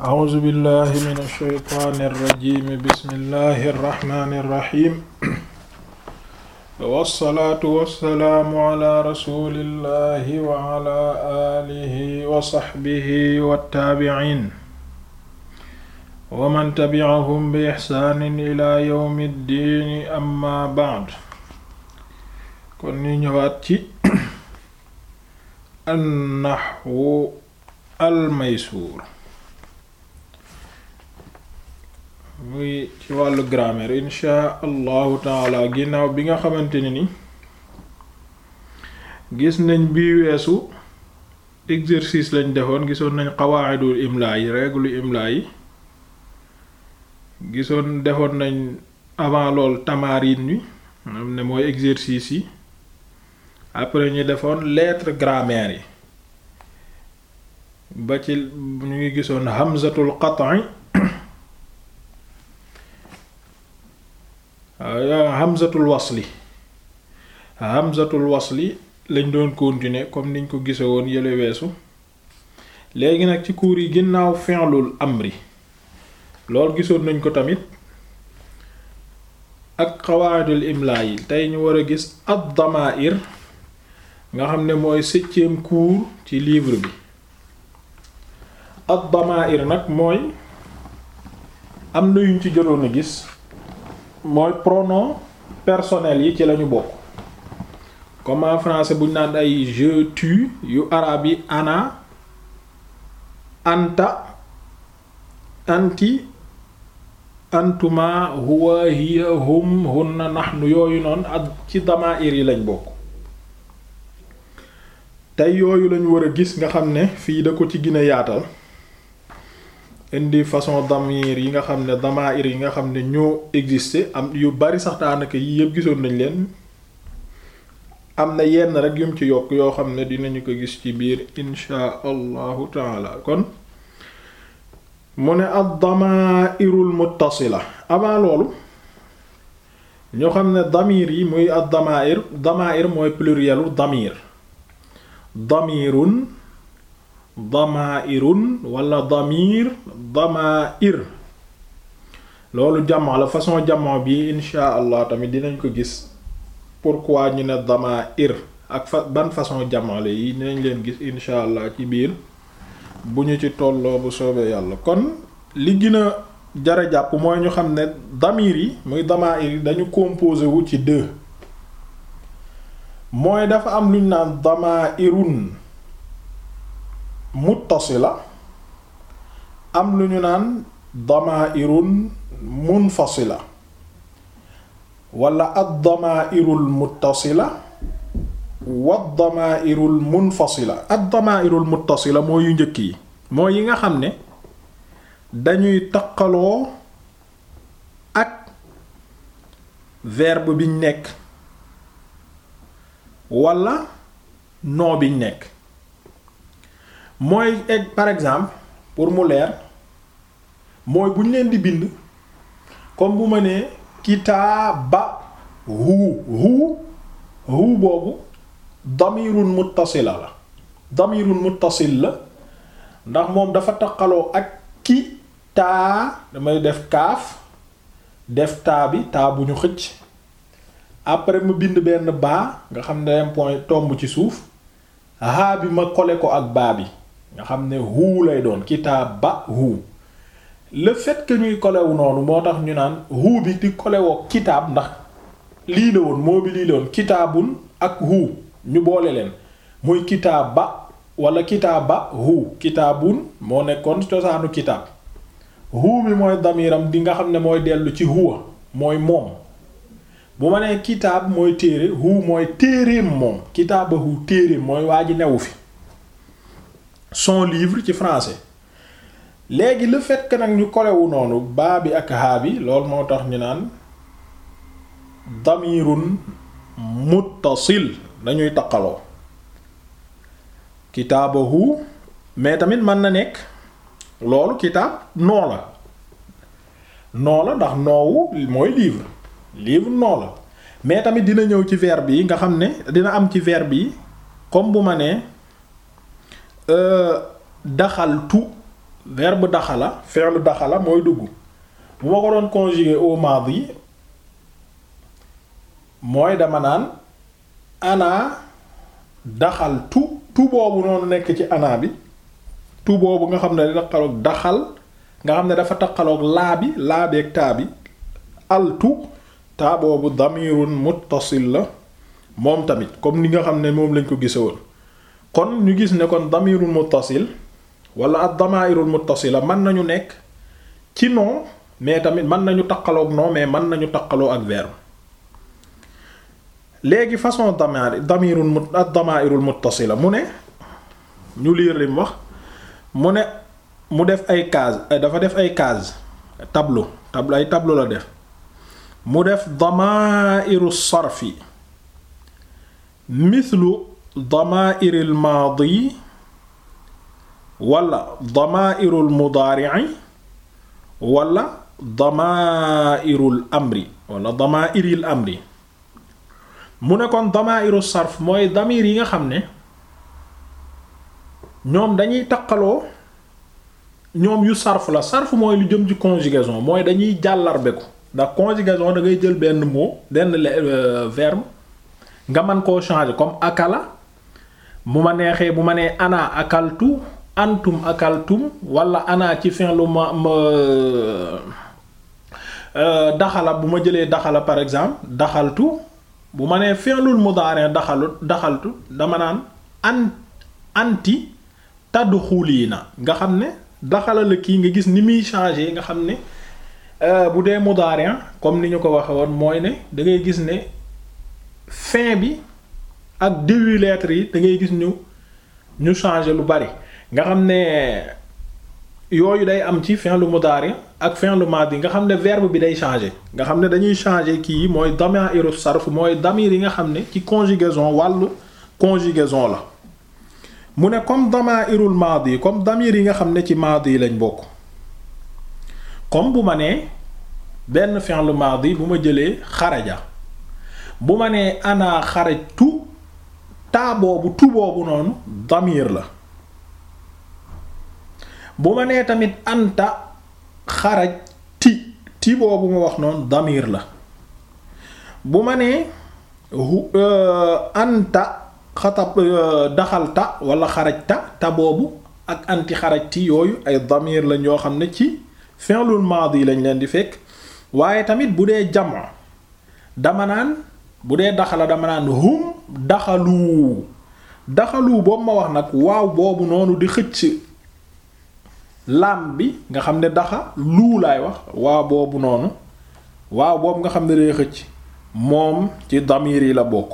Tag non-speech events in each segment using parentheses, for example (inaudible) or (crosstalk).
أعوذ بالله من الشيطان الرجيم بسم الله الرحمن الرحيم والصلاة والسلام على رسول الله وعلى آله وصحبه والتابعين ومن تبعهم بإحسان إلى يوم الدين أما بعد kon ñu ñëwaat ci an-nahwu al-maysûr muy ci wàllu grammaire insha allahu taala ginnaaw bi nga xamante ne ni gis nañ bii weesu exercice lañ defoon gisoon nañ qawaidul imla yi règle imla yi gisoon defoon nañ avant lool tamarin yi am ne mooy exercice yi après ñu defoon leetre grameer yi ba ci ñu ngi gisoon hamzatul qat'i Ah, hamzatul wasli ah, hamzatul wasli lañ doon continuer comme niñ ko gise woon yële weesu léegi nag ci kuur yi ginnaaw fi'lul amri loolu gisoon nañ ko tamit ak qawaidul imla yi tey ñu war a gis ad-dama'ir nga xam ne mooy septième cours ci livre bi ad-dama'ir nag mooy am na yuñ ci jotoon a gis mooy pronom personnel yi ci lañu bokk comme en buñ naan ay je tu yu arabe yi ana anta anti antuma huwa hiya hum hunna nahnu yooyu noonu ak ci damaa'ir yi lañ bokk tey yooyu lañu war a gis nga xam ne fii da ko ci gina yaatal indi façon damir yi nga xam ne damair yi nga xam ne ñoo existé am yu bari sax daanaka yi yëpp gisoon nañ leen am na yenn rek yum ci yokk yoo xam ne dinañu ko gis ci biir inchaa allahu taala kon mu ne ad damairul muttasila avant loolu ñoo xam ne damir yi muy ad damair damair mooy plurielu damir damirun damairun wala damir damair loolu jamaa la façon jamon bii insha allah tamit dinañ ko gis pour pourquoi ñu ne damair ak fa ban façon jamaa la yi dinañ leen gis insha allah ci biir bu ñu ci tolloo bu soobee yàlla kon li gën a jara mooy ñu xam ne damir yi muy damair yi dañu composé wu ci deux mooy dafa am luñ naan damairun muttasila am lu ñu naan damaa'irun munfasila wala ad-damaa'irul muttasila wad-damaa'irul munfasila ak damaairul muttasila moo yu njëkk yi moo yi nga xam ne dañuy taqaloo ak verbe biñ nekk wala noo biñ nekk mooy egg par exemple pour mu leer mooy bu ñu leen di bind comme bu ma nee ba hu hu hu boobu damirun muttasila la damirun muttasil la ndax moom dafa taqaloo ak ki taa damay def kaaf def taa bi taa bu ñu xëcc après mu bind benn baa nga xam ne point tomb ci suuf haa bi ma kole ko ak baa bi nga xam ne hu lay doon kitaabahu le fait que ñuy kolewu noonu moo tax ñu naan hu bi di kolewoo kitaab ndax lii la woon moo bi lii la woon kitaabun ak hu ñu boole leen muy kitaaba wala kitaaba hu kitaabun moo nekkoon cosaanu kitaab hu bi mooy damiram di nga xam ne mooy dellu ci huwa mooy moom bu ma nee kitaab mooy téere hu mooy téereem moom kitaaba hu téereem mooy waa ji newu fi son livre ci français léegi le fait nag ñu kolewu noonu baa bi ak haa bi loolu moo tax ñu naan damirun muttasil dañuy taqaloo kitaabahu mais tamit mën na nekk loolu kitaab noo la noo ndax noowu mooy livre livre noo la mais tamit dina ñëw ci verbe yi nga xam ne dina am ci verbe bi comme bu ma nee Euh, daxal tu verbe daxala fi'lu daxala mooy dugg bu ma ko doon conjuguer au madi mooy dama naan ana daxal tu boobu noonu nekk ci ana bi tu boobu nga xam ne da taqaloog daxal nga xam ne dafa taqaloog laa bi laa beeg taa bi altu taa boobu damirun muttasil la moom tamit comme ni nga xam ne moom lañ ko gisewoon kon ñu gis ne kon damirul muttasil wala ak damairul muttasila mën nañu nekk ci nom mais tamit mën nañu taqaloog nom mais mën nañu taqaloo ak verbe léegi façon damair damirul mu ak damairul muttasila mu ne ñu liir lim wax mu ne mu def ay case euh, dafa def ay case tableau tableau ay tableau la def mu def damairu sarfi mithlu damaa'iril maadi wala damaa'irul mudaari'i wala damaa'irul amri wala damaa'iril amri mu ne kon damaa'iru sarf mooy damir yi nga xam ne ñoom dañuy taqaloo ñoom yu sarf la sarf mooy lu jëm ci conjugaison mooy dañuy jàllarbe ko ndax conjugaison dangay jël benn mot benn euh, verme nga mën koo changer comme akala bu ma neexee bu ma nee ana akaltu antum akaltum wala ana ci fin lu ma ma euh, daxala bu ma jëlee daxala par exemple daxaltu bu ma nee fi'lul mudari daxalu daxaltu dama naan an anti na nga xam ne daxala la kii nga gis ni muy changer nga xam ne euh, bu dee mudari comme ni ñu ko waxe woon mooy ne da ngay gis ne fin bi ak début lettre yi da ngay gis ñu ñu changer lu bari nga xam ne yooyu day am ci fin lu mudaari ak fin lu maadi nga xam ne verbe bi day changer nga xam ne dañuy changer kii mooy damin damairu sarf mooy damir yi nga xam ne ci conjugaison wàllu conjugaison la mu ne comme damairul maadi comme damir yi nga xam ne ci maadi lañ bokk comme bu ma nee benn fin lu maadi bu ma jëlee xareja bu ma nee ana xarajtu taa boobu tu boobu noonu damir la bu ma nee tamit anta xaraj ti ti boobu ma wax noonu damir la bu ma nee euh, anta euh, daxalta wala xarajta ta boobu ak anti xarajti yooyu ay damir lañ yoo xam ne ci fi'lul maadi lañ leen di fekk waaye tamit bu dee jamaa dama naan bu dee daxala dama naan hum daxalu daxalu boobu ma wax nag waaw boobu noonu di xëcc laam bi nga xam ne daxa luu laay wax waaw boobu noonu waaw boobu nga xam ne day xëcc moom ci damir yi la bokk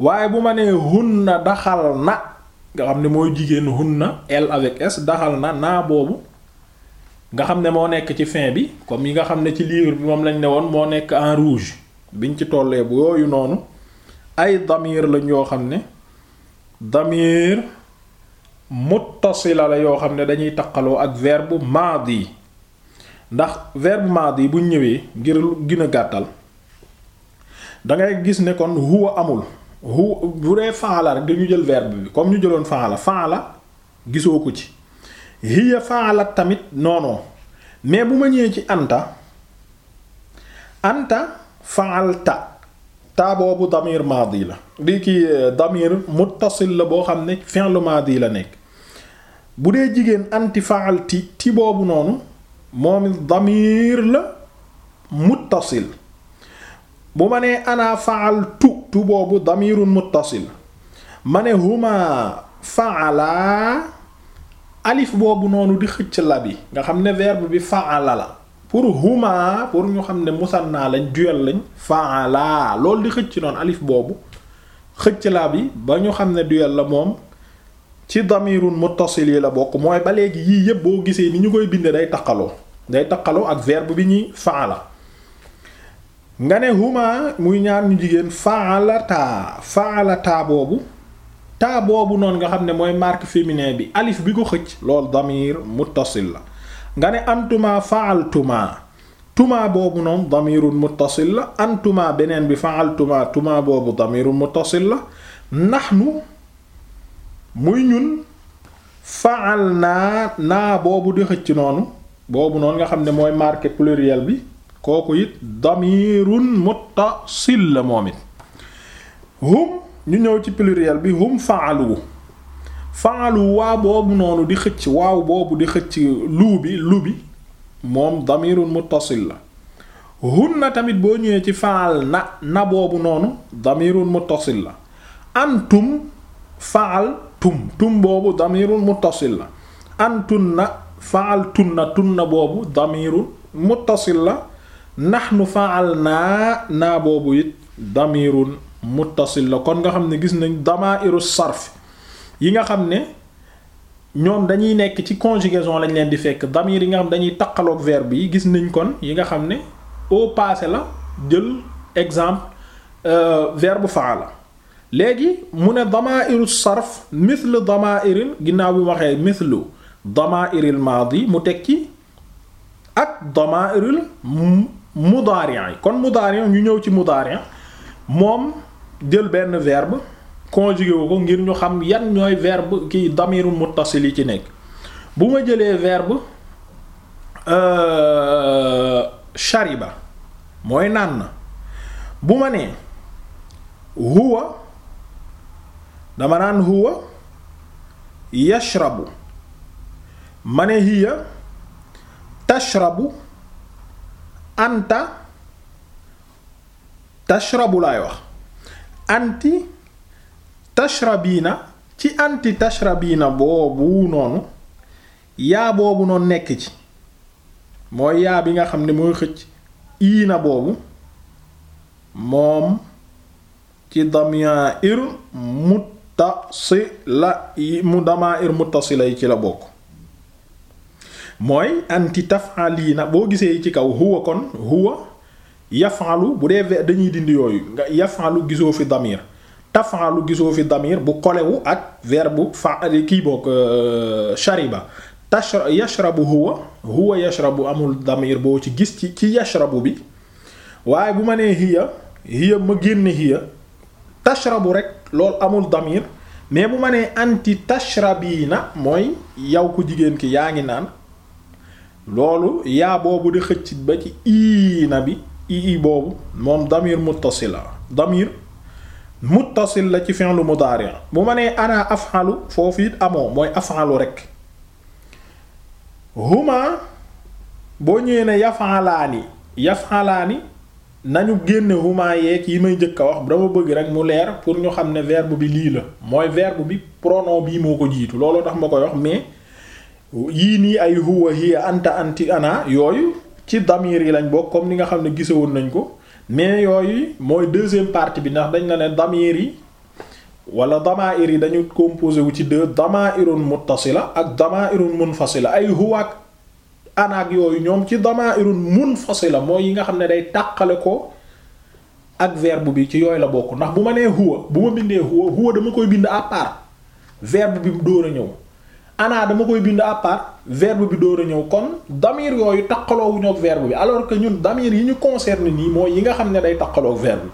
waaye bu ma nee hunna daxal na nga xam ne mooy jigéen na L avec S daxal na naa boobu nga xam ne moo nekk ci fin bi comme yi nga xam ne ci livre bi moom lañ ne woon moo nekk en rouge biñ ci tollee bu yooyu noonu ay damir lañ yoo xam ne damir muttasila la yoo xam ne dañuy taqaloo ak verbe maadi ndax verbe maadi buñ ñëwee ngir gën a gàttal dangay gis ne kon huwa amul hu bu dee faala dañu jël verbe bi comme ñu jëloon faala faala gisoo ko ci hiya faala tamit noonu mais bu ma ñëwee ci anta anta fa'alta taa boobu damir maadi la di ki eh, damir muttasil la boo xam ne fi'l maadi la nekk bu dee jigéen anti fa'alti ti boobu noonu moom damir la muttasil bu ma nee ana fa'altu tu boobu damirun muttasil ma ne huma fa'ala alif boobu noonu di xëcc la bi nga xam ne verbe bi fa'ala la pour huma pour ñu xam ne naa lañ duel lañ faala loolu di xëcc noonu alif boobu xëcc la bi ba ñu xam ne duel la moom ci damirun muttasil yi la bokk mooy ba léegi yii yépp boo gisee ni ñu koy bindee day taqaloo day taqaloo ak verbe bi ñuy faala nga ne huma muy ñaar ñu jigéen faalataa faalataa boobu taa boobu noonu nga xam ne mooy marque féminin bi alif bi ko xëcc loolu damir muttasil la nga ne antuma faaltuma tuma boobu noonu damirun muttasil la antuma beneen bi faaltuma tuma boobu damirun muttasil la ndax nahnu muy ñun faal naa naa boobu di xëcc noonu boobu noonu nga xam ne mooy marqué pluriel bi kooku it damirun muttasil la moom it hum ñu ñëw ci pluriel bi hum faalu faalu waa boobu noonu di xëcc waaw boobu di xëcc luu bi lu bi moom damirun muttasil la na tamit boo ñëwee ci faal na na boobu noonu damirun muttasil la antum faal tum tum boobu damirun muttasil la antunna faal tunna tunna boobu damirun la nahnu faal naa naa boobu it damirun muttasil la kon nga xam ne gis nañ damairu sarf yi nga xam ne ñoom dañuy nekk ci conjugaison lañ leen di fekk damir yi nga xam dañuy taqaloog verbe yi gis nañ kon yi nga xam ne au passé la jël exemple euh, verbe la léegi mu ne damairu sarf mithlu damairil ginnaaw bi mu waxee mithlu damairil maadi mu teg ci ak damairil mudaariyan yi kon mudaariyan ñu ñëw ci mudaariyan moom jël benn verbe conjugué wu ko ngir ñu xam yan ñooy verbe ki damiru muttasil yi ci nekk bu ma jëlee verbe chariba euh, mooy naan na bu ma nee huwa dama naan huwa yashrabu ma ne hiya tashrabu anta tashrabu laay wax anti bii na ci anti tashrabiina boobu noonu yaa boobu noonu nekk ci mooy yaa bi nga xam ne mooy xëcc iina boobu moom ci damaa'ir muttasila mu damaa'ir muttasila yi ci la bokk mooy anti taf taf'aliina boo gisee ci kaw huwa kon huwa yaf'alu bu dee dañuy dindi yooyu nga yaf'alu gisoo fi damir tafaalu gisoo fi damir bu kolewu ak verbe fa euh, kii boog euh, shariba tashra yashrabu huwa huwa yashrabu amul damir boo ci gis ci ci yashrabu bi waaye bu ma nee hiya hiya ma génne hiya tashrabu rek lool amul damir mais bu ma nee anti na mooy yow ku jigéen ki yaa ngi naan loolu yaa boobu di xëcc ba ci iina bi ii boobu moom damir muttasila damir muttasil la ci fi'lu mudaari bu ma nee ana af'alu foofu it amoo mooy af'alu rek huma boo ñëwee ne yaf'alaani yaf'alaani nañu génne huma yeeg yi may njëkk a wax dama bëgg rek mu leer pour ñu xam ne verbe bi lii la mooy verbe bi pronom bii moo ko jiitu looloo tax ma koy wax mais yii nii ay huwa hiya anta anti ana yooyu ci damir yi lañ bokk comme ni nga xam ne gisewoon nañ ko mais yooyu mooy deuxième partie bi ndax dañ la ne damir yi wala damair yi dañu composé wu ci deux damairun la ak damairun la ay huwaak anaak yooyu ñoom ci damairun la mooy yi nga xam ne day tàqale ko ak verbe bi ci yooyu la bokk ndax bu ma nee huwa bu ma bindee huwa huwa dama koy bind à part verbe bi dóor a ñëw ana dama koy bind à part verbe bi door a ñëw kon damir yooyu taqaloo wu ñoog verbe bi alors que ñun damir yi ñu concerne nii mooy yi nga xam ne day taqaloo verbe bi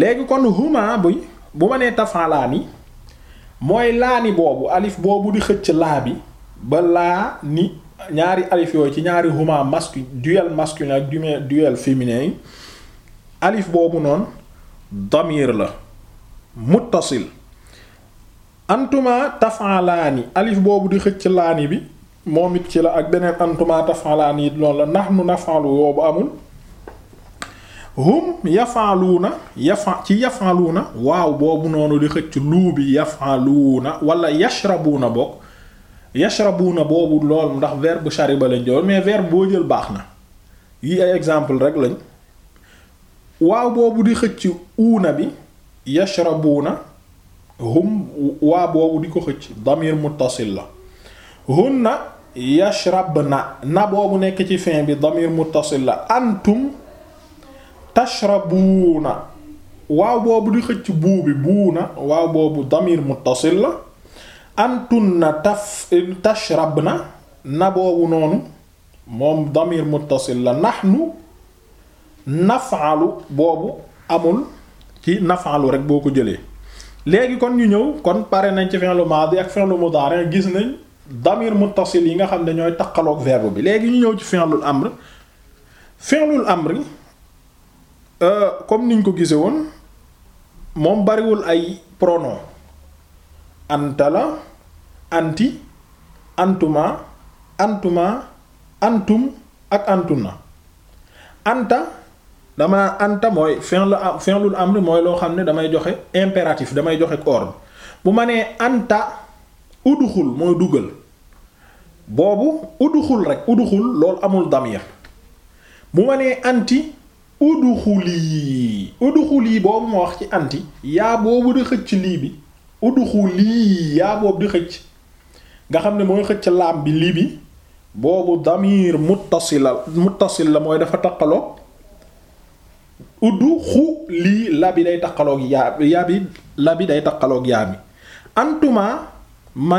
léegi kon huma bi bu ma nee tafaalaani mooy laani boobu alif boobu di xëcc laa bi ba laa ni ñaari alif yooyu ci ñaari huma masculin duel masculin ak duel féminin yi alif boobu noonu damir la muttasil antuma tafalaani alif boobu di xëcc laani bi moom it ci la ak beneen antuma tafalaani it loolu la nahnu nafalu yoobu amul hum yafaluuna yafa ci yafaluuna waaw boobu noonu di xëcc luu bi yafaluuna wala yashrabuuna bokk boobu lool ndax verbe shariba lañ jël mais verbe boo jël baax na yi ay exemple rek lañ waaw boobu di xëcc uuna bi yashrabuuna hum waa boobu di ko xëcc damir muttasil la hunna yashrabna na boobu nekk ci fin bi damir muttasil la antum tashrabuuna waaw boobu di xëcc buu bi buuna waaw boobu damir muttasil la antunna taf tashrabna na boobu noonu moom damir muttasil la nahnu naf'alu boobu amul ci naf'alu rek boo ko jëlee léegi kon ñu ñëw kon pare nañ ci fi'lu maadi ak fi'lu mudaari gis nañ damir muttasil yi nga xam ne ñooy taqaloog verbe bi léegi ñu ñëw ci fi'lul amr fi'lul amr euh, comme niñ ko gise woon moom bariwul ay prono anta la anti antuma antuma antum ak antuna anta dama naan anta mooy fi'lu am amr mooy loo xam ne damay joxe impératif damay joxe ordre bu ma nee anta udxul mooy dugal boobu udxul rek udxul loolu amul damir bu ma nee anti udxuli udxuli boobu ma wax ci anti yaa boobu di xëcc lii bi udxuli yaa boobu di xëcc nga xam ne mooy xëcc laam bi lii bi boobu damir muttasil muttasil la mooy dafa taqaloo uddu xu lii la bi day taqaloog yaa yaa bi la bi day taqaloog yaa mi ma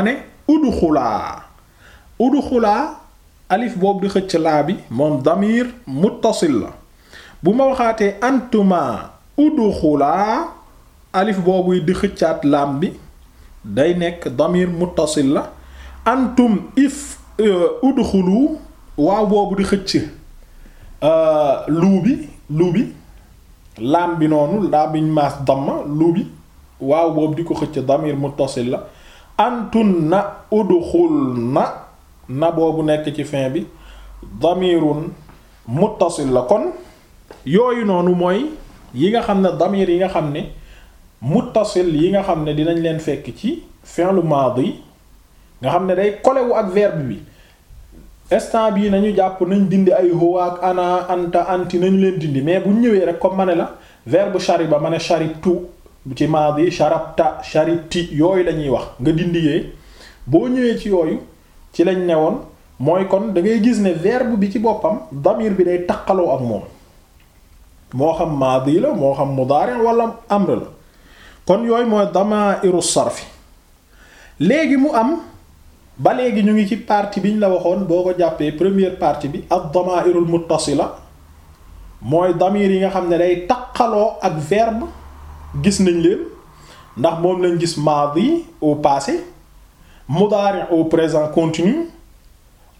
ne uddu xulaa alif boobu di xëcc laa bi moom damir muttasil la bu ma waxaatee antuma uddu xulaa boobu di xëccaat lam bi day nekk damir muttasil la antum if euh, uddu waaw boobu di xëcc euh, luu bi laam bi noonu daa biñ maas lu bi waaw boobu di ko xëcc damir muttasil la antun na udxul na na boobu nekk ci fin bi damirun muttasil la kon yooyu noonu mooy yi nga xam ne damir yi nga xam ne muttasil yi nga xam ne dinañ leen fekk ci fin lu maadi nga xam ne day kolewu ak verbe bi instant bii nañu jàpp nañ dindi ay huwa ak ana anta anti nañu leen dindi mais bu ñëwee rek comme ma ne la verbe shariba ma ne sharibtu ci maadi sharabta sharibti yooyu lañuy wax nga dindi yee boo ñëwee ci yooyu ci lañ newoon mooy kon da ngay gis ne verbe bi ci boppam damir bi day taqaloo ak moom moo xam maadi la moo xam mudaari wala amr la kon yooyu mooy damairu sarfi léegi mu am ba léegi ñu ngi ci partie bi ñu la waxoon boo ko jàppee première partie bi ad-damaa'irul muttasila mooy damir yi nga xam ne day taqaloo ak verbe gis nañ leen ndax moom lañ gis maadi au passé mudaari au présent continu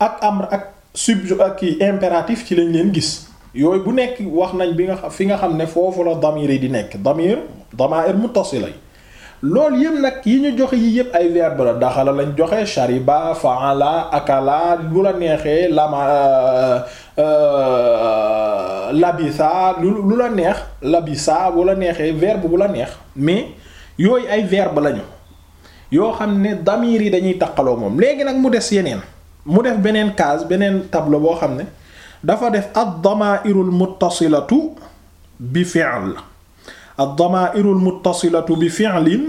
ak amr ak subjonctif ak impératif ci lañ leen gis yooyu bu nekk wax nañ bi nga fi nga xam ne foofu la damir yi di nekk damir damaa'ir muttasila yi loolu yëpp nag yi ñu joxe yi yëpp ay verbe la daxala lañ joxe shariba faala akala lu la neexee lama euh, euh, labisa lu la neex labisa bu la neexee verbe bu la neex mais yooyu ay verbe lañu yoo xam ne damir yi dañuy taqaloo moom léegi nag mu des yeneen mu def beneen case beneen tableau boo xam ne dafa def ad-dama'irul muttasilatu bi fi'l ad-damaa'iru al-muttasilatu bi fi'lin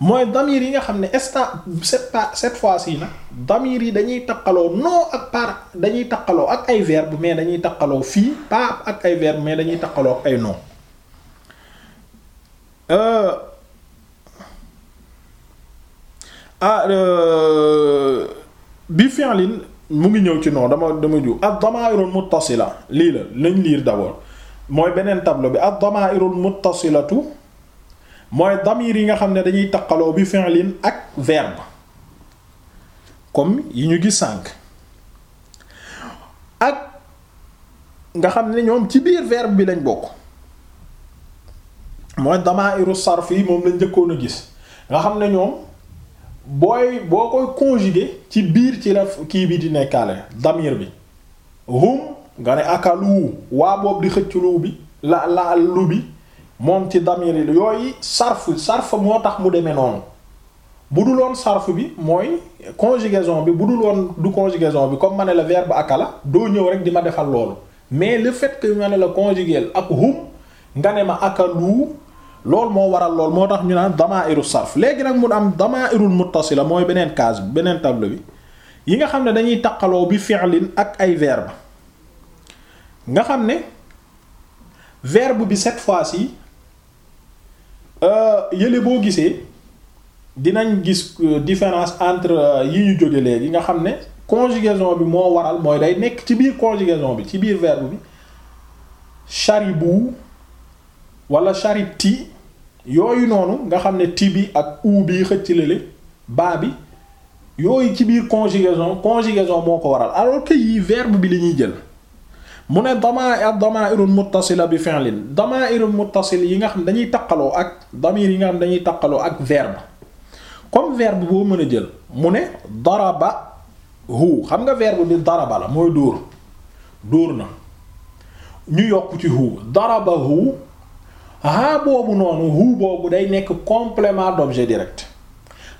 mooy damir yi nga xam ne sta cette pa cette fois-ci nag damir yi dañuy taqaloo non ak par dañuy taqaloo ak ay verbe mais dañuy taqaloo fii pas ak ay verbe mais dañuy taqaloo ak ay non euh, ah, euh, bi fi'lin ngi ñëw ci non dama dama ju ad-damaa'iru al-muttasila lii la lañ liir d'abord mooy beneen tableau bi ad-damaa'irul muttasilatu mooy damir yi nga xam ne dañuy taqaloo bi fi'lin ak verbe comme yi ñu gis sànq ak nga xam ne ñoom ci biir verbe bi lañ bokk mooy damaa'iru sarf yi moom lañ njëkkoon a gis nga xam ne ñoom booy boo koy conjuguer ci biir ci la kii bi di nekkaale damir bi nga ne akalu waa boobu di xëcc lu bi la la lu bi moom ci damir yi yooyu sarf sarf moo tax mu demee noonu bu dul woon sarf bi mooy conjugaison bi bu dul woon du conjugaison bi comme ma ne la verbe akala doo ñëw rek di ma defal loolu mais le fekk que ma ne la conjuguer ak hum nga ne ma akalu loolu moo waral lool moo tax ñu naan damairu sarf léegi nag mun am damairul muttasila mooy beneen case beneen table bi yi nga xam ne dañuy taqaloo bi fi'lin ak ay verbe nga xam ne verbe bi cette fois-ci euh, yële boo gisee dinañ gis euh, différence entre euh, yi ñu jóge léegi nga xam ne conjugaison bi moo waral mooy day nekk ci biir conjugaison bi ci biir verbe bi sharibu wala sharibti yooyu noonu nga xam ne ti bi ak u bi xëcc lale baa bi yooyu ci biir conjugaison conjugaison moo ko waral alors que yii verbe bi li ñuy jël mu ne damaa damaairun muttasila bi fi'lin damaairun muttasil yi nga xam dañuy taqaloo ak damir yi nga xam dañuy taqaloo ak verbe comme verbe boo mën a jël mu ne daraba hu xam nga verbe bi daraba la mooy dóor dóor na ñu yokk ci hu daraba hu haa boobu noonu hu boobu day nekk complément d'objet direct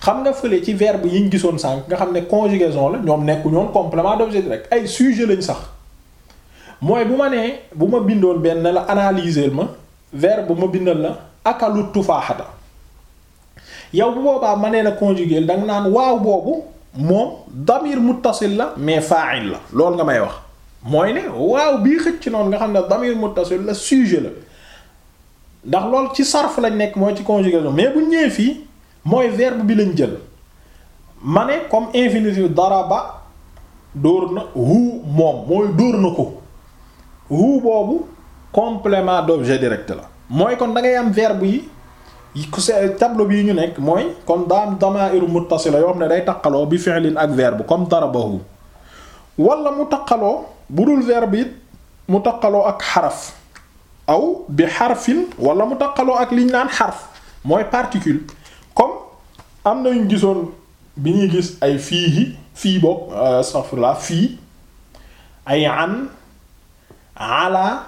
xam nga fële ci verbe yi ñu gisoon sànk nga xam ne conjugaison la ñoom nekku ñoon complément d'objet direct ay sujet lañ sax mooy bu ma nee bu ma bindoon benn la analyser ma verbe bu ma bindal la akalu tufaaxata yow bu boobaa ma nee la conjuguer da naan waaw boobu moom damir muttasil la mais fa'il la lool nga may wax mooy ne waaw bii xëcc noonu nga xam ne damir muttasil la sujet la ndax loolu ci sarf lañ nekk mooy ci conjugaison mais bu ñëwee fii mooy verbe bi lañ jël ma ne comme dara ba dóor na hu moom mooy dóor na ko hu boobu complément d'objet direct la mooy kon da ngay am verbe yi tableau bii ñu nekk mooy kon daam damaa'iru muttasila yoo xam ne day taqaloo bi fi'lin ak verbe comme darabahu wala mu taqaloo bu dul verbe it mu taqaloo ak xaraf aw bi xarfin wala mu taqaloo ak liñ naan xarf mooy particule comme am na ñu gisoon bi ñuy gis ay fii yi fii boog euh, astaghfirullah fii ay an ala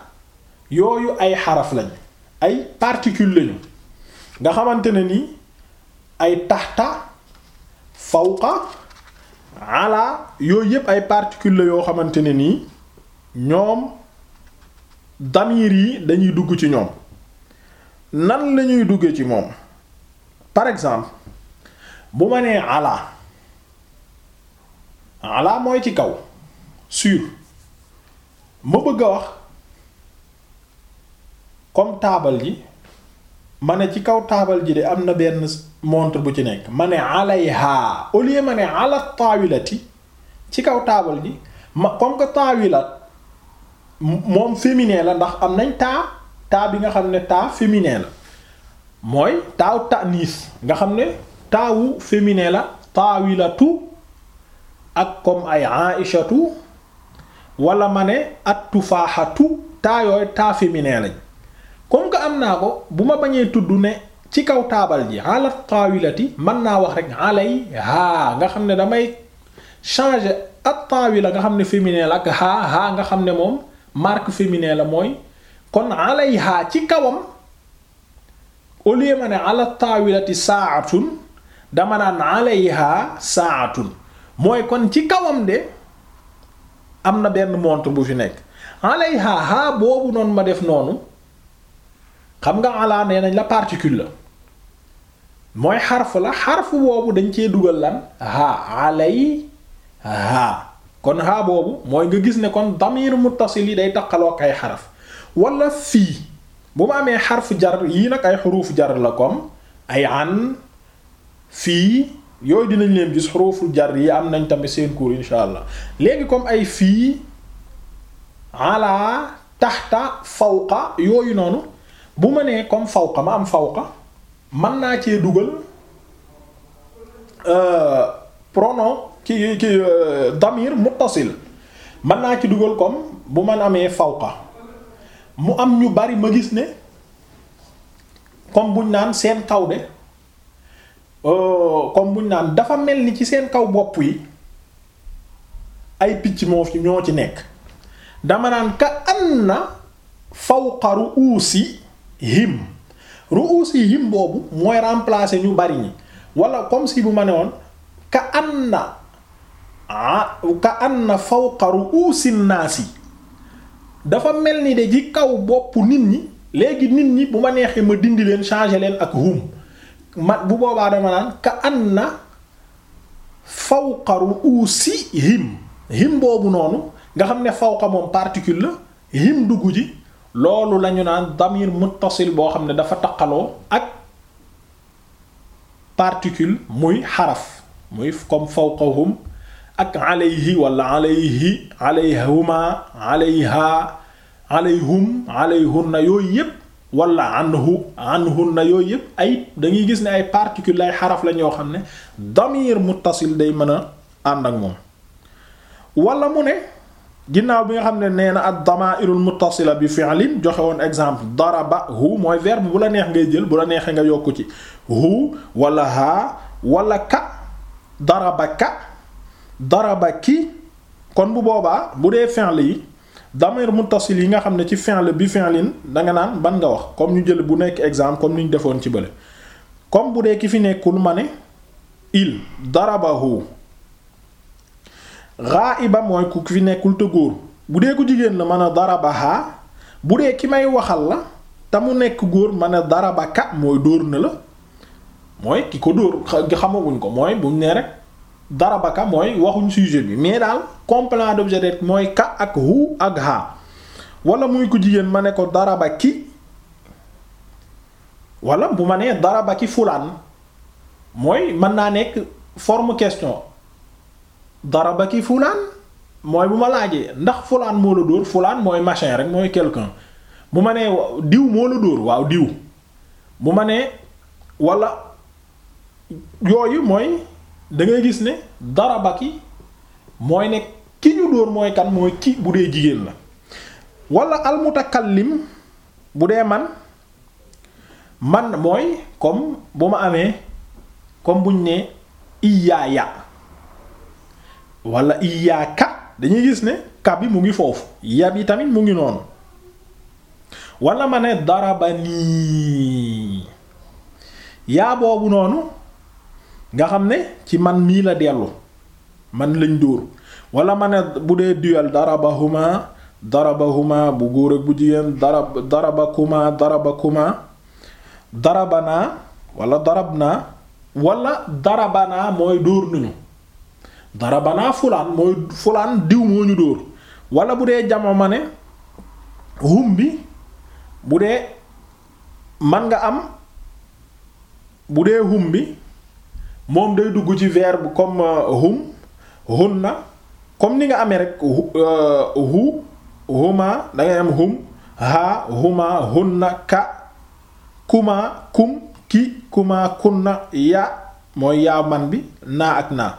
yooyu ay xaraf lañ ay particule lañu nga xamante ne ni ay taxta fawqa ala yooyu yépp ay particule la yoo xamante ne nii ñoom damir yi dañuy dugg ci ñoom nan lañuy duggee ci moom par exemple bu ma nee ala ala mooy ci kaw ma bëgg a wax comme taabal ji ma ne ci kaw taabal ji de am na benn montre bu ci nekk ma ne alayha au lieu ma ne ala taawilati ci kaw taabal ji ma comme que taawilat moom féminin la ndax am nañ taa taa bi nga xam ne taa féminin la mooy taaw tanis nga xam ne taawu féminin la taawilatu ak comme ay aishatu wala ma ne at tufaaxatu taa yooyu taa féminin lañ comme que am naa ko bu ma bañee tudd ne ci kaw taabal ji ala taawilati man naa wax rek alay haa nga xam ne damay changer at taawila nga xam ne féminin la ak haa haa nga xam ne moom marque féminin la mooy kon alay haa ci kawam au lieu ma ne ala saa saatun dama naan alayha saatun mooy kon ci kawam de am na benn montre bu fi nekk alayha ha boobu noonu ma def noonu xam nga alaa nee nañ la particule la mooy xarf la xarf boobu dañ cee dugal lan ha alayha kon ha boobu mooy nga gis ne kon damir muttasil yi day taqaloo ak ay xaraf wala fii bu ma amee xarf jar yii nag ay xuruuf jar la comme ay an fii yooyu dinañ leen gis xuruful jar yi am nañ tamit seen cours insha allah léegi comme ay fii ala taxta fawqa yooyu noonu bu ma nee comme fawqa ma am fawqa mën naa cee dugal euh, pronom ki ki euh, damir muttasil mën naa ci dugal comme bu man amee fawqa mu am ñu bari ma gis ne comme buñ naan seen kaw de Euh, comme buñ naan dafa mel ni ci seen kaw bopp yi ay picc moo fi ñoo ci nekk dama naan ka an na fawqa ru'usi him ru'usi him boobu mooy remplacer ñu bari ñi wala comme si bu ma ne woon ka an na ah ka an na fawqa ru'usi naasi dafa mel ni de ji kaw bopp nit ñi léegi nit ñi bu ma neexee ma dindi leen changer leen ak hum mat bu boobaa dama naan ka an na fawqa ru'usi him him boobu noonu nga xam ne fawqa moom particule la him dugg ji loolu lañu naan damir muttasil boo xam ne dafa taqaloo ak particule muy xaraf muy comme fawqahum ak alayhi wala alayhi alayhuma alayha alayhum na yooyu yépp wala anhu anhu na yooyu yëpp ay dangay gis ne ay particules xaraf la ñoo xam ne damir muttasil day mën a ànd ak moom wala mu ne ginnaaw bi nga xam ne nee na ad damairul muttasila bi fi'lin joxe woon exemple daraba hu mooy verbe bu la neex ngay jël bu la neexee nga yokku ci hu wala ha wala ka daraba ka daraba ki kon bu boobaa bu dee fi'li yi damir muttasil yi nga xam ne ci fi'l bi fi'lin danga naan ban nga wax comme ñu jël bu nekk exemple comme ni ñu defoon ci bële comme bu dee ki fi nekkul ma ne il darabahu ghaiba mooy ku fi nekkul te góor bu dee ko jigéen la mën ma ne darabaha bu dee ki may waxal la te mu nekk góor ma ne darabaka mooy dóor na la mooy ki ko dóor xamaguñ ko mooy buñ nee rek daraba ka mooy waxuñ sujet bi mais daal complément d'objet d'être mooy ka ak hu ak ha wala muy ko jigéen ma ne ko daraba ki walla bu ma nee daraba ki fulaan mooy mën naa nekk forme question dara ba ki fulaan mooy bu ma laajee ndax fulaan moo la dóor fulaan mooy machin rek mooy quelqu'un bu ma nee diw moo la dóor waaw diw bu ma nee wala yooyu mooy dangay gis ne daraba ki mooy ne ki ñu dóor mooy kan mooy ki bu dee jigéen la walla wala almutakallim bu dee man man mooy comme bu ma amee comme buñ ne iyaaya wala iyaaka dañuy gis ne ka bi mu ngi foofu ya yi tamit mu ngi noonu walla ma ne daraba nii yaa boobu noonu nga xam ne ci man mii la dellu man lañ dóor walla ma ne bu dee dara darabahuma darabahuma bu góor ak bu jigéen darab darabakuma darabakuma darabanaa walla darabnaa wala darabanaa mooy dóor nañu darabanaa fulaan mooy fulaan diw moo ñu dóor wala bu dee jamo ma ne hum bi bu dee man nga am bu dee hum bi moom day dugg ci verbe comme euh, hum hunna comme ni nga amee rek euh, hu huma da ngay am hum ha huma hunna ka kuma kum ki kuma kunna ya mooy yaa man bi naa ak naa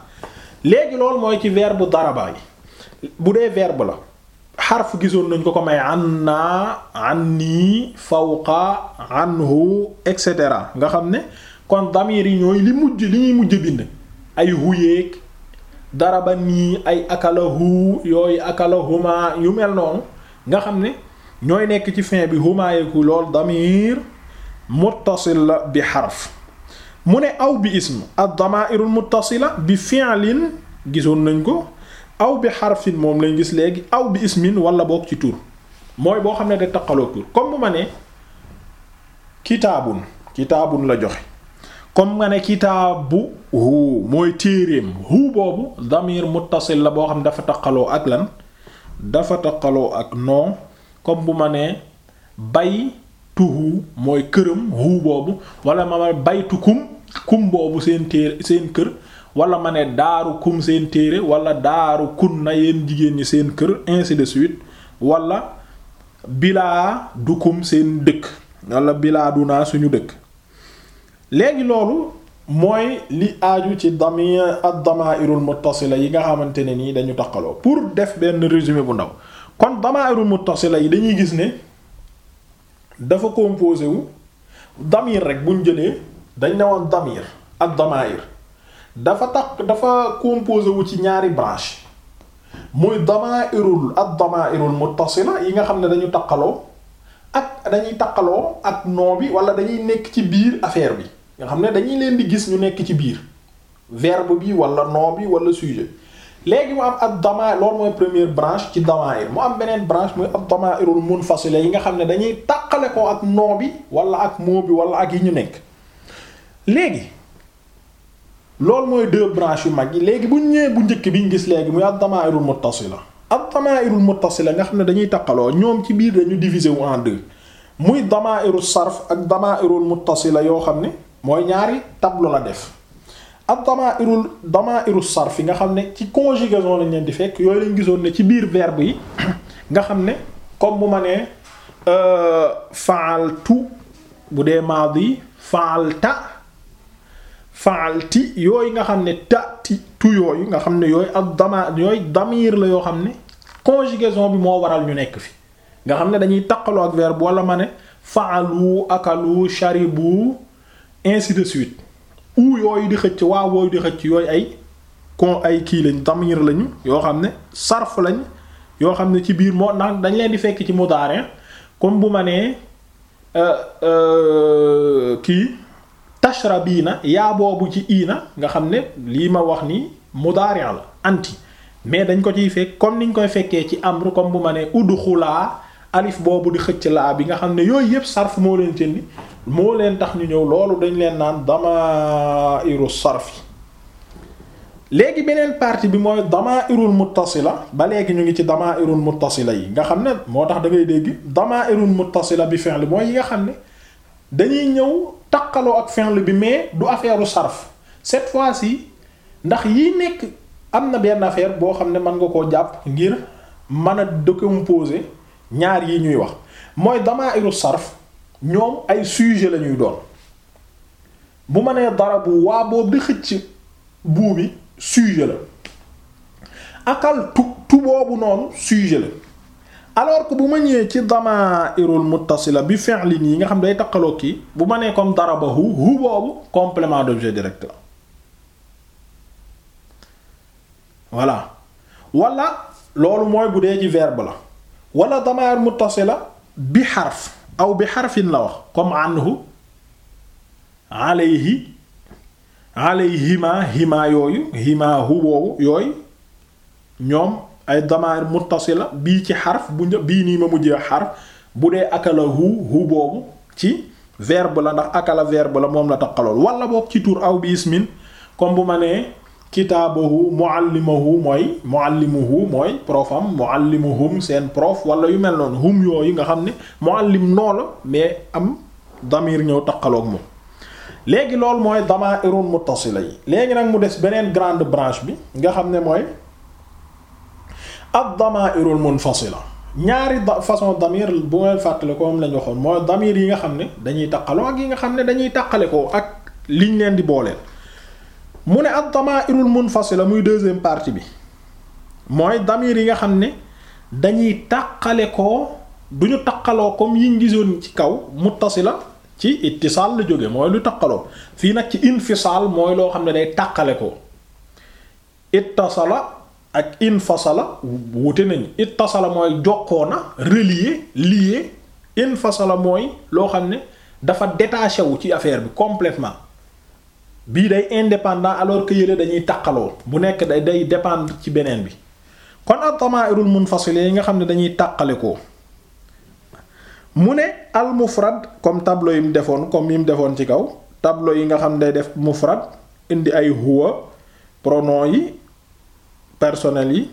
léegi loolu mooy ci verbe daraba yi bu dee verbe la xarf gisoon nañ ko ko may an na an nii fawqa anhu et cetera nga xam ne kon damir yi ñooy li mujj li ñuy mujj bind ay huyeeg daraba nii ay akalahu yooyu akalahuma yu mel noonu nga xam ne ñooy nekk ci fin bi huma yeeku lool damir muttasil la bi xarf mu ne aw bi ism ad damairul muttasila bi fin liin gisoon nañ ko aw bi xarfin moom lañ gis léegi aw bi ismin wala boog ci tur mooy boo xam ne da taqaloo tur comme bu ma ne kitaabun kitaabun la joxe comme ma ne kitaabu hu mooy téereem hu boobu damir muttasil la boo xam dafa taqaloo ak lan dafa taqaloo ak non comme bu ma nee bay tuhu mooy këram hu boobu wala ma ne baytu kum kum boobu seen téere seen kër wala ma ne daaru kum seen téere wala daaru kun na yéen jigéen ñi seen kër ainsi de suite wala bilaa du kum seen dëkk wala bilaa du naa suñu dëkk léegi loolu mooy li aaju ci dami ad-damaa'irul muttasila yi nga xamante ne nii dañu taqaloo pour def benn résumé bu ndaw kon damaa'irul muttasila yi dañuy gis ne dafa composé wu damir rek buñ jëlee dañ ne woon damir ak damaa'ir dafa tax dafa composé wu ci ñaari branche muy damaa'irul ad-damaa'irul muttasila yi nga xam ne dañu taqaloo ak dañuy taqaloo ak noo bi wala dañuy nekk ci biir affaire bi nga xam ne dañuy leen di gis ñu nekk ci biir verbe bi wala nom bi wala sujet léegi mu am ab damair loolu mooy première branche ci damair mu am beneen branche mooy ab damairul munfasila yi nga xam ne dañuy tàqale ko ak nom bi wala ak mot bi wala ak yi ñu nekk léegi loolu mooy deux branches yu mag yi léegi bu ñëwee bu njëkk bi ñu gis léegi muy ad damairul muttasila ad damairul muttasila nga xam ne dañuy taqaloo ñoom ci biir dañu diviser wu en deux muy damairus sarf ak damairul la yoo xam ne mooy ñaari tableau la def ak damairul damairu sarf yi nga xam ne ci conjugaison lañ leen di fekk yooyu lañ gisoon ne ci biir verbe yi (coughs) nga xam ne comme bu ma nee euh, faaltu bu dee maadi faalta faalti yooyu nga xam ne ta ti tu yooyu nga xam ne yooyu ak dama yooyu damir la yoo xam ne conjugaison bi moo waral ñu nekk fi nga xam ne dañuy taqaloo ak verbe wala ma ne faalu akalu sharibu ainsi de suite ou yooyu di xëcc waaw yooyu di xëcc yooyu ay kon ay kii lañ damir lañu yoo xam ne sarf lañ yoo xam ne ci biir moo naan dañ leen di fekk ci mudaare comme bu ma nee euh, euh, kii tashrabiina yaa boobu ci ii na nga xam ne lii ma wax ni mudaare la anti mais dañ ko ciy fekk comme niñ koy fekkee ci amru comme bu ma nee udxulaa alif boobu di xëcc laa bi nga xam ne yooyu yëpp sarf moo leen tënni moo leen tax ñu ñëw loolu dañ leen naan damairu sarfi léegi beneen partie bi mooy damairul muttasila ba léegi ñu ngi ci damairul muttasila yi nga xam ne moo tax da ngay dégg damairul muttasila bi fi'l mooy yi nga xam ne dañuy ñëw takkaloo ak fi'l bi mais du affaire sarf cette fois-ci ndax yi nekk am na benn affaire boo xam ne mën nga koo jàpp ngir mën a décomposer ñaar yi ñuy wax mooy damairu sarf ñoom ay sujet la ñuy doon bu ma nee bu waa boobu di xëcc buubi sujet la akal tu tu boobu noonu sujet la alors que bu ma ñëwee ci damairul muttasila bi fi'lin yi nga xam day taqaloo kii bu ma nee comme darabahu hu boobu complément d'objet direct la voilà walla loolu mooy bu dee ci verbe la wala damair muttasila bi xarf aw bi xarfin la wax comme anhu yi alayhima hima yooyu hima hu boobu yooyu ñoom ay damair muttasila bii ci xarf bu bii nii ma mujjee xarf bu dee akala hu hu boobu ci verbe la ndax akala verbe la moom la taqalool wala boog ci tuur aw bi ismin comme bu ma nee kitaabahu muallimahu mooy muallimuhu mooy profam muallimuhum seen prof wala yu mel noonu hum yooyu nga xam ne muallim noo la mais am damir ñëw taqaloo moom léegi loolu mooy damairun muttasila yi léegi nag mu des beneen grande branche bi nga xam ne mooy ad damairul munfasila ñaari façon damir bu ngeen fàttale ko moom lañ waxoon mooy damir yi nga xam ne dañuy taqaloo ak yi nga xam ne dañuy taqale ko ak liñ leen di booleel mu ne ad-damaa'irul la muy deuxième partie bi mooy damir yi nga xam ne dañuy taqale ko duñu taqaloo comme yiñ gisoon ci kaw la ci ittisaal la jóge mooy lu taqaloo fii nag ci infisaal mooy loo xam ne day taqale ko ittasala ak la wute nañu ittasala mooy jokkoo na relier lié la mooy loo xam ne dafa détaché wu ci affaire bi complètement bii day indépendant alors que yële dañuy taqaloo bu nekk day day dépendre ci beneen bi kon at-tamaa'irul munfasila yi nga xam ne dañuy tàqale ko mu ne al mufrad comme tableau yi mu defoon comme yi mu defoon ci kaw tablo yi nga xam ne day def mufrad indi ay huwa prono yi personnels yi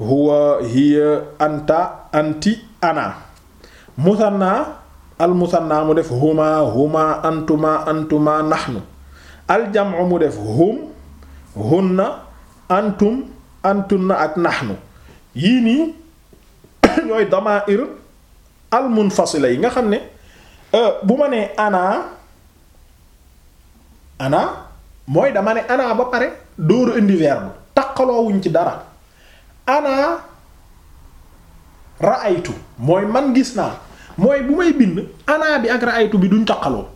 huwa hiya anta anti ana musanna al mu def huma huma antuma antuma nahnu aljamu mu def hum na antum na ak nahnu yii nii (coughs) ñooy damair almunfasila yi nga xam ne euh, bu ma nee ana ana mooy dama ne ana ba pare dóoru indi verbe taqaloowuñ ci dara ana ra'aytu mooy man gis naa mooy bu may bind ana bi ak ra'aytu bi duñ taqaloo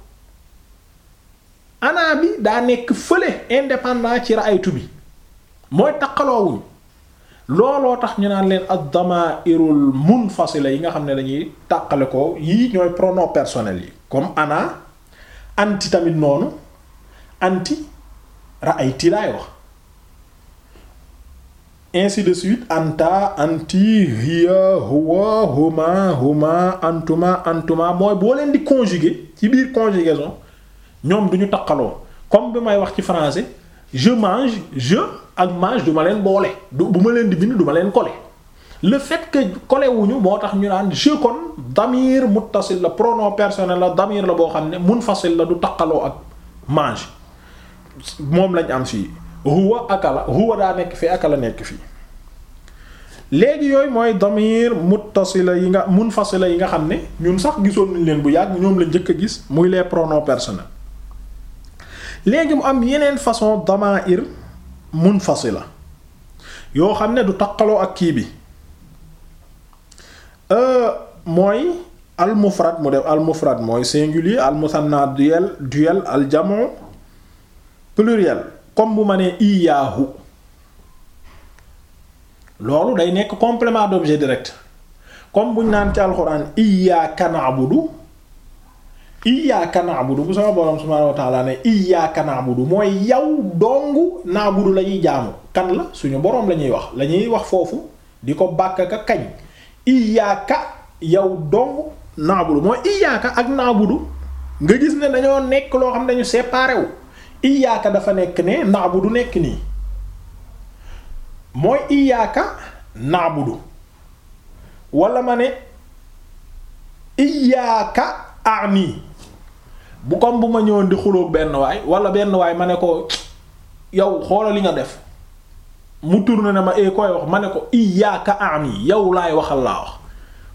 anaa bi daa nekk fële indépendant ci raaytu bi mooy taqaloowuñ looloo tax ñu naan leen ad-damaa'irul munfasila yi nga xam ne dañuy tàqale ko yii ñooy pronoms personnels yi comme ana anti tamit noonu anti ra'ayti laay wax ainsi de suite anta anti hiya huwa huma huma antuma antuma mooy boo leen di conjuguer ci biir conjugaison ñoom du ñu taqaloo comme bi may wax ci français je mange je ak mange du ma leen boole du bu ma leen di bind duma leen coller le fekk que wuñu moo tax ñu naan je kon damir muttasil la pronom personnel la damir la boo xam ne mun munfasil la du taqaloo ak mange moom lañ am fii huwa akala huwa daa nekk fii la nekk fii léegi yooyu mooy damir muttasila yi mun munfasila yi nga xam ne ñun sax gisoon nañ leen bu yàgg ñoom la njëkk a gis muy les pronoms personnels léegi mu am yeneen façon damair munfasila yoo xam ne du taqaloo ak kii bi euh, mooy al mufrad mu def al mooy singulier al musanna duel duel al jamu pluriel comme bu ma nee iyaahu loolu day nekk complément d'objet direct comme buñ naan ci alxuraan iyyaka na'budu iyyaaka na'budu bu sama borom subhaanahu wa ne iyyaaka na'budu mooy yow dongu na'budu la ñuy jaamu kan la suñu borom la ñuy wax lañuy wax foofu di ko bàkk ka kañ iyyaaka yow dongu na'budu mooy iyyaaka ak na'budu nga gis ne dañoo nekk loo xam ne dañu séparé wu iyyaaka dafa nekk ne na'budu nekk nii mooy iyyaaka na'budu ma ne iyyaaka a'ni bu comme bu ma ñëwoon di xuloog benn waay wala benn waay ma ne ko yow xoola li nga def mu tourné ne ma e koy wax ma ne ko iyyaka ani yow laay waxal laa wax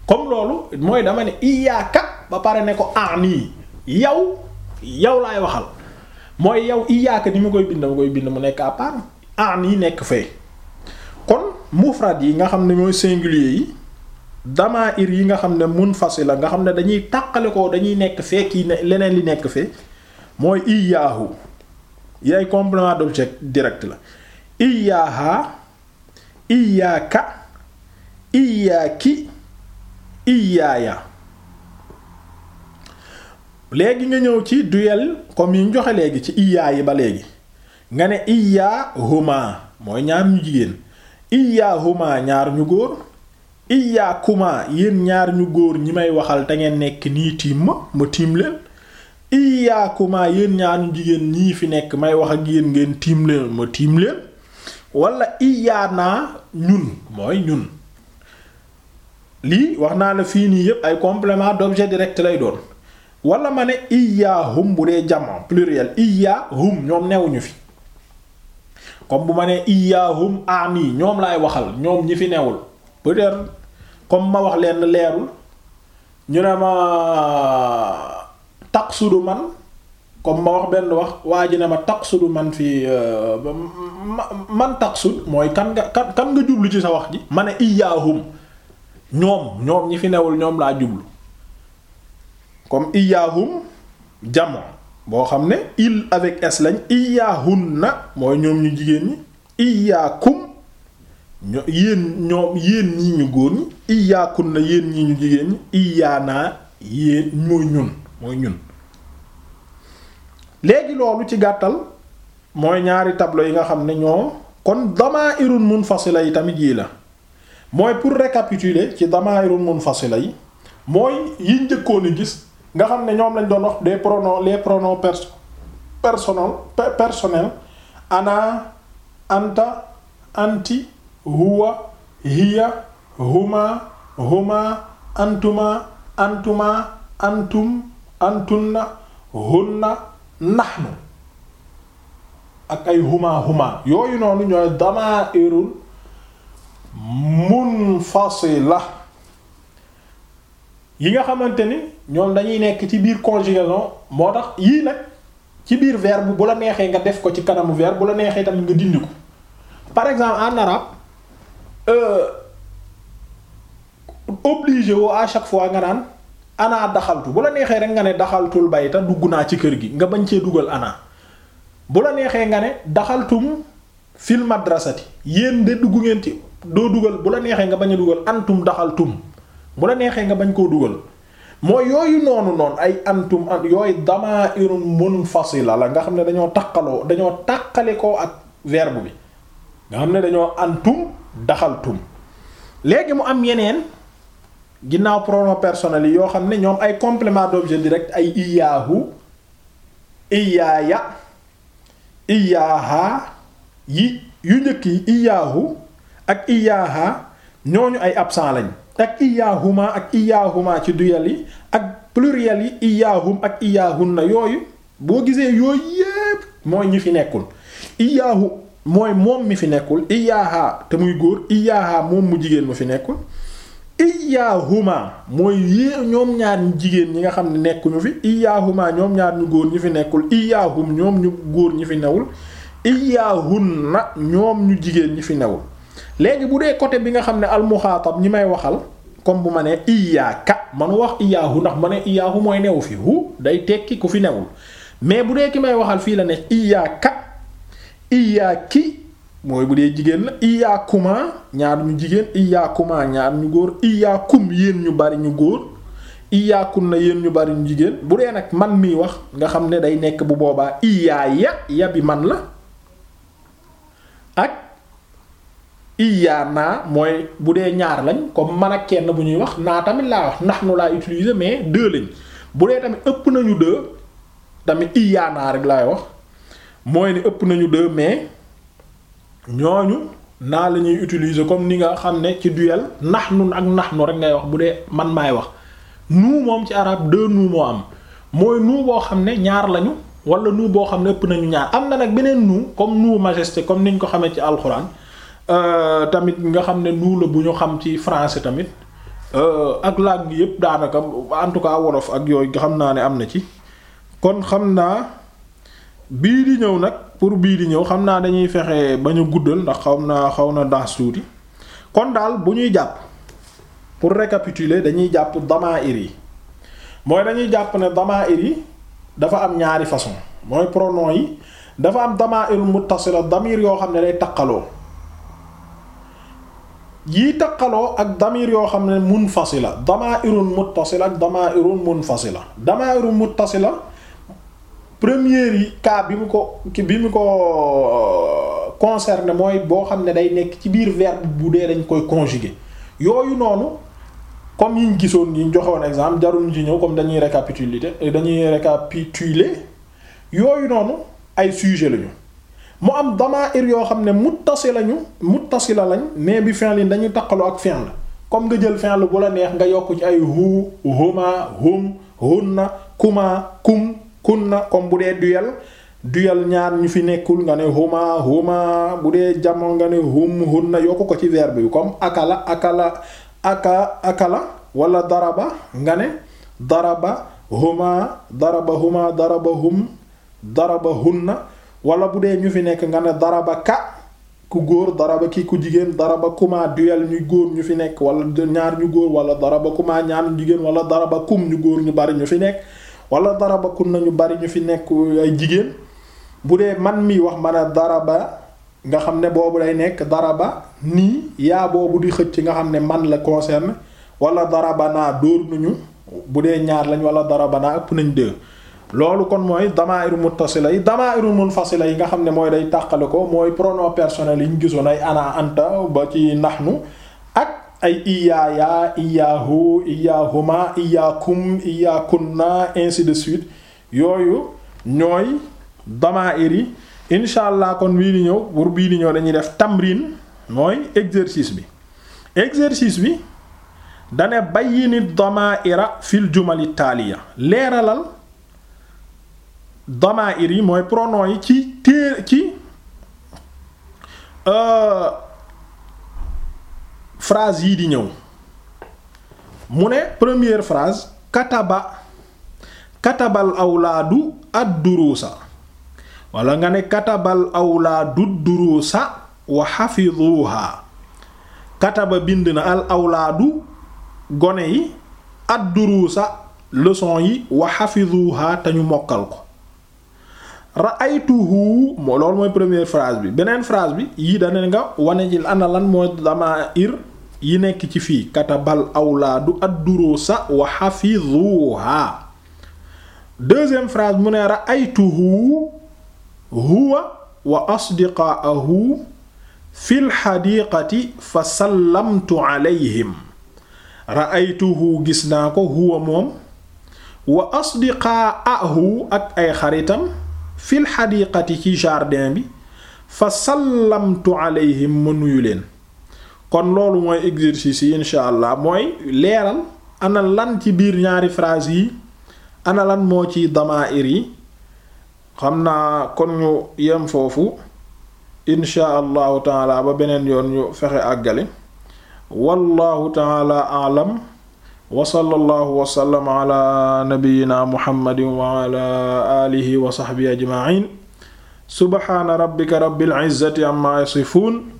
comme loolu mooy dama ne iyyaka ba pare ne ko ani yow yow laay waxal mooy yow iyyaka ni ma koy bind ma koy bind mu nekk à part ani nekk fee kon mufrad yi nga xam ne mooy singulier yi damair yi nga xam ne fas la nga xam ne dañuy tàqale koo dañuy nekk fee kii leneen li nekk fee mooy iyaahu yay ay complément d'objet direct la iyaaha iyaaka iyaaki iyaaya léegi nga ñëw ci duel comme yi ñu joxe léegi ci iyaa yi ba léegi nga ne iyaahuma mooy ñaar ñu jigéen iyaahuma ñaar ñu góor iyaakuma yéen ñaar ñu góor ñi may waxal te ngeen nekk nii tiim ma ma tiim leen iyaakuma yéen ñaar ñu jigéen ñi fi nekk may wax ak yéen ngeen tiim leen ma tiim leen wala iyaanaa ñun mooy ñun lii wax naa la fii nii yépp ay complément d'objet direct lay doon walla ma ne iyaahum bu dee jamaa pluriel iyaahum ñoom newuñu fi comme bu ma nee iyaahum aani ñoom lay waxal ñoom ñi fi newul comme ma wax leen leerul ñu ne ma taqsudu man comme ma wax benn wax waa ji ne ma taqsudu man fii euh, man taqsud mooy kan nga kan kan nga jublu ci sa wax ji ma ne iyaahum ñoom ñoom ñi fi newul ñoom laa jublu comme iyaahum jamo boo xam ne il avec s lañ iyaahunna mooy ñoom ñu jigéen ñi iyaakum ño yéen ñoom yéen ñi ñu góor ñi na yéen ñii ñu jigéen ñi naa yéen mooy ñun mooy ñun léegi loolu ci gàttal mooy ñaari tableau yi nga xam ne ñoo kon damaa'irun munfasila yi tamit yii la mooy pour récapituler ci damaa'irun munfasila yi mooy yi njëkkoon a gis nga xam ne ñoom lañ doon wax des pronoms les pronoms perso personnels personnels ana anta anti huwa hiya huma huma antuma antuma antum na na hunna nahnu ak ay huma huma yooyu noonu ñooy damairul munfasila yi nga xamante ni ñoom dañuy nekk ci biir conjugaison moo tax yii nag ci biir verbe bu la neexee nga def ko ci kanamu verbe bu la neexee tamit nga dindi ko par exemple en arabe Euh, obligé woo à chaque fois nga naan ana daxaltu bu la neexee rek nga ne daxaltul bayta dugg naa ci kër gi nga bañ cee dugal ana bu la neexee nga ne daxaltum fil madrasati yéen de dugg ngeen ci doo dugal bu la neexee nga bañ a dugal antum daxaltum mu la neexee nga bañ koo dugal mooy yooyu noonu noonu ay antum dama yooyu damairun munfasila la nga xam ne dañoo taqaloo dañoo taqalikoo ak verbe bi nga xam ne dañoo antum daxaltum léegi mu am yeneen ginnaaw pronom personnel yi yoo xam ne ñoom ay complément d'objet direct ay iyaahu iyaaya iyaaha yi yu njëkk yi iyaahu ak iyaaha ñooñu ay absent lañ ak iyaahuma ak iyaahuma ci duyal yi ak pluriel yi iyaahum ak na yooyu boo gisee yooyu yépp mooy ñi fi nekkul iyaahu mooy moom mi fi nekkul iyaaha te muy góor iyaaha moom mu jigéen mu fi nekkul iyaahuma mooy yée ñoom ñaar ñu jigéen ñi nga xam ne nekkuñu fi iyaahuma ñoom ñaar ñu góor ñi fi nekkul iyaahum ñoom ñu góor ñi fi newul iyaahunna ñoom ñu jigéen ñi fi newul léegi bu dee côté bi nga xam ne almuxaatab ñi may waxal comme bu ma nee iyaaka man wax iyaahu ndax ma ne iyaahu mooy newu fi hu day tekki ku fi newul mais bu dee ki may waxal fii la ne iyaaka iyaa ki mooy bu dee jigéen la iyaa kuma ñaar ñu jigéen iyaa kuma ñaar ñu góor iyaa kum yéen ñu bari ñu góor iyaa kun na yéen ñu bari ñu jigéen bu dee nag man miy wax nga xam ne day nekk bu boobaa iyaa ya ya bi man la ak iyaa naa mooy bu dee ñaar lañ ko man a kenn bu ñuy wax naa tamit laa wax ndax nu laa utiliser mais deux lañ bu dee tamit ëpp nañu deux tamit iyaa naa rek laay wax mooy ne ëpp nañu deux mais ñooñu naa la ñuy utiliser comme ni nga xam ne ci duel nax nun ak nax nu rek ngay wax bu dee man maay wax nuu moom ci arab deux nuu moo am mooy nuu boo xam ne ñaar lañu wala nuu boo xam ne ëpp nañu ñaar am na nag beneen nuu comme nuu majesté comme niñ ko xamee ci alxuraan euh, tamit nga xam ne nuu la bu ñu xam ci français tamit euh, ak langue yépp daanaka en tout cas wolof ak yooyu nga xam naa ne am na ci kon xam naa bii di ñëw nag pour bii di ñëw xam naa dañuy fexe ba ñu guddal ndax xaw na xaw na dans tuuti kon daal bu ñuy jàpp pour récapituler dañuy jàpp damaa'ir yi mooy dañuy jàpp ne damaa'ir yi dafa am ñaari façon mooy pronom yi dafa am damaa'ir muttasila damir yoo xam ne day taqaloo yii taqaloo ak damir yoo xam ne munfasila damaa'irun muttasila ak damaa'irun munfasila damaa'irun muttasila première yi cas bi mu ko bi mu ko euh, ne mooy boo xam ne day nekk ci biir verbe bu dee dañ koy conjuguer yooyu noonu comme yi ñu gisoon yi ñu joxoon exemple jarul ñu ci ñëw comme dañuy récapituler dañuy récapituler yooyu noonu ay sujet lañu mu am damair yoo xam ne muttasi lañu muttasi la lañ mais bi fin lii dañuy taqaloo ak fin la comme nga jël fin la bu la neex nga yokk ci ay hu huma hum hunna kuma kum kunna comme bu dee duyal duel ñaar ñu fi nekkul nga ne huma huma bu dee jamoon nga ne hum hunna yokk ko ci verbe yu comme akala akala aka akala wala daraba nga ne daraba huma daraba dara daraba hum daraba hunna wala bu dee ñu fi nekk nga ne daraba ka ku góor ba kii ku jigéen daraba kuma duel ñu góor ñu fi nekk wala ñaar ñu góor wala daraba kuma ñaar ñu jigéen wala daraba kum ñu góor ñu bari ñu fi nekk wala daraba kun nañu bari ñu fi nekk ay jigéen bu dee man mi wax ma dara ba nga xam ne boobu day nekk dara ba nii yaa boobu di xëcc nga xam ne man la concerne wala daraba naa dóor nañu bu dee ñaar lañ wala daraba naa ëpp nañ deux loolu kon mooy damaa'iru muttasila yi mun munfasila yi nga xam ne mooy day tàqale ko mooy pronom personnel yi ñu gisoon ay ana anta ba ci nahnu ay iyaayaa iyaahu iyaahuma iyaakum iyaakunna ainsi de suite yooyu ñooy damaa'ir yi incha allah kon bii di ñëw pour bii di ñëw dañuy def tamrin mooy exercice bi exercice bi dane bayyini damaa'ira fil jumali taaliya leeralal damaa'ir yi mooy pronoms yi ci téer ci euh, phrase yii di ñëw mu ne première phrase kataba katabal awlaadu ad-duruusa wala nga ne katabal awlaadu duruusa wa xafiduuha kataba bind na al awlaadu gone yi ad-duruusa leson yi wa xafiduuha te ñu mokkal ko ra'aytuhu moo loolu mooy première phrase bi beneen phrase bi yii dane nga wane ci ana lan mooy damair yi nekk ci fii katabal awlaadu ad-duruusa wa hafizuha deuxième phrase mu ne ra'aytuhu huwa wa asdiqaahu fil xadiiqati fa sallamtu alayhim ra'aytuhu gis naa ko huwa moom wa asdiqaahu ak ay xaritam fil xadiiqati ci jardin bi fa sallamtu alayhim ma leen kon loolu mooy exercice yi incha allah mooy leeral ana lan ci biir ñaari phrase yi ana lan moo ci damaa'ir yi xam naa kon ñu yem foofu incha allahu taala ba beneen yoon ñu fexe àggale wallahu taala aalam wa sallallahu wa sallam ala nabiyyina muhammadin wa ala wa sahbihi ajma'in subhana rabbika rabbil izzati amma yasifun